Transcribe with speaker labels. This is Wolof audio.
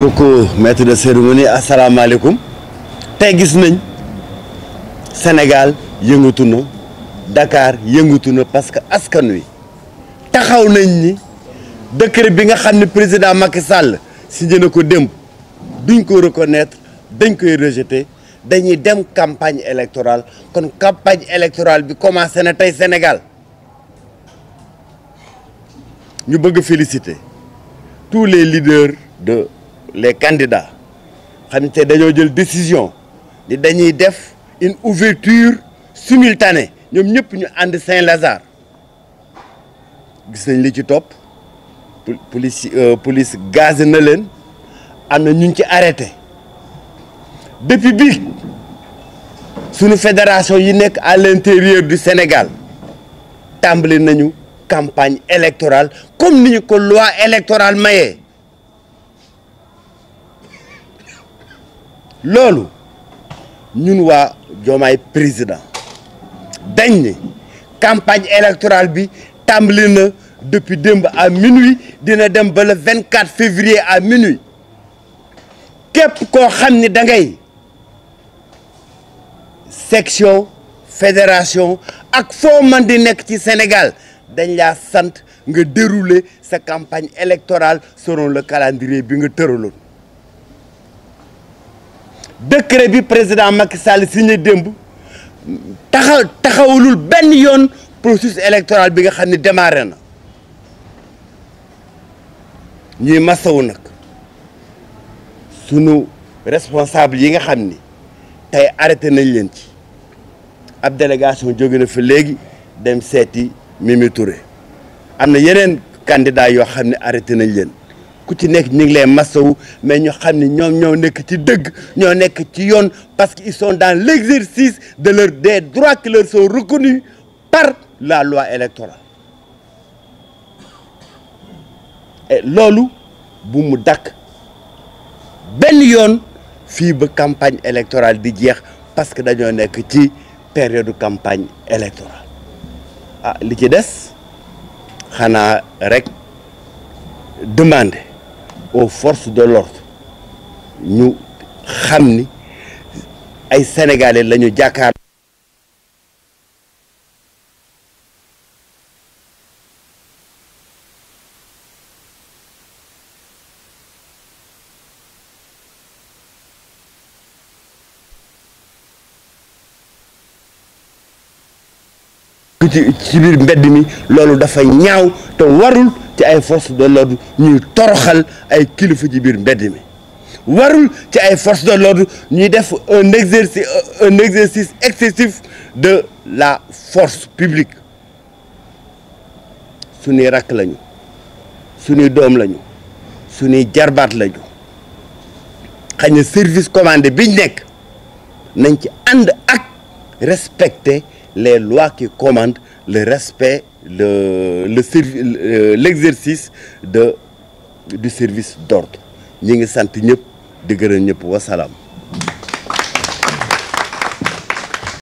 Speaker 1: beaucoup maître de cérémonie assalamu alaikum. gis Sénégal Dakar parce que askan wi taxaw nañ ni décret président Macky Sall signé na reconnaître dañ koy rejeter dem campagne électorale kon campagne électorale bi commencé Sénégal Nous bëgg féliciter tous les leaders de les candidats ont pris la décision de dañuy une ouverture simultanée ñoom ñëpp ñu ànd Saint-Lazare Nous avons li ci top. police euh, police gazé na leen nous arrêté depuis bi suñu fédération yi à l'intérieur du Sénégal fait une campagne électorale comme ni ko loi électorale mais Lolo, ñun wa jomay président dañ campagne électorale bi tàmbali depuis démb à minuit dina dem le 24 février à minuit Que ko xamni da ngay section fédération ak fo man di nek ci Sénégal dañ la sant nga dérouler sa campagne électorale selon le calendrier bi nga décret bi président Macky Sall signé démb taxaw taxawulul benn yoon processus électoral bi nga xam ni démarré na ñuy masawu nag sunu responsable yi nga xam ni tey arrêté nañ leen ci ab délégation jóge na fa léegi dem seeti Mimi Touré am na yeneen candidat yoo xam ne arrêté nañ leen ku ci nekk ñu lay mais ñu xam ne ñoom ñoo nekk ci ñoo parce qu'ils sont dans l'exercice de leurs des droits qui leur sont reconnus par la loi électorale et lolu bu mu dakk benn yoon campagne électorale di jeex parce que dañoo que ci période campagne électorale ah li ci des rek demander aux forces de l'ordre ñu xam ni ay sénégalais la ñu jàkkaar ci biir mbedd mi loolu dafa ñaaw te warul ci ay force de l'ordre ñuy toroxal ay kilifa ci bir mbedd mi warul ci ay force de l'ordre ñuy def un exercice un exercice excessif de la force publique suñu rak lañu suñu dom lañu suñu jarbat lañu xañ service commandé biñ nek nañ ci and ak respecter les lois qui commandent le respect, l'exercice le, de, du service d'ordre. Nous sommes tous salam.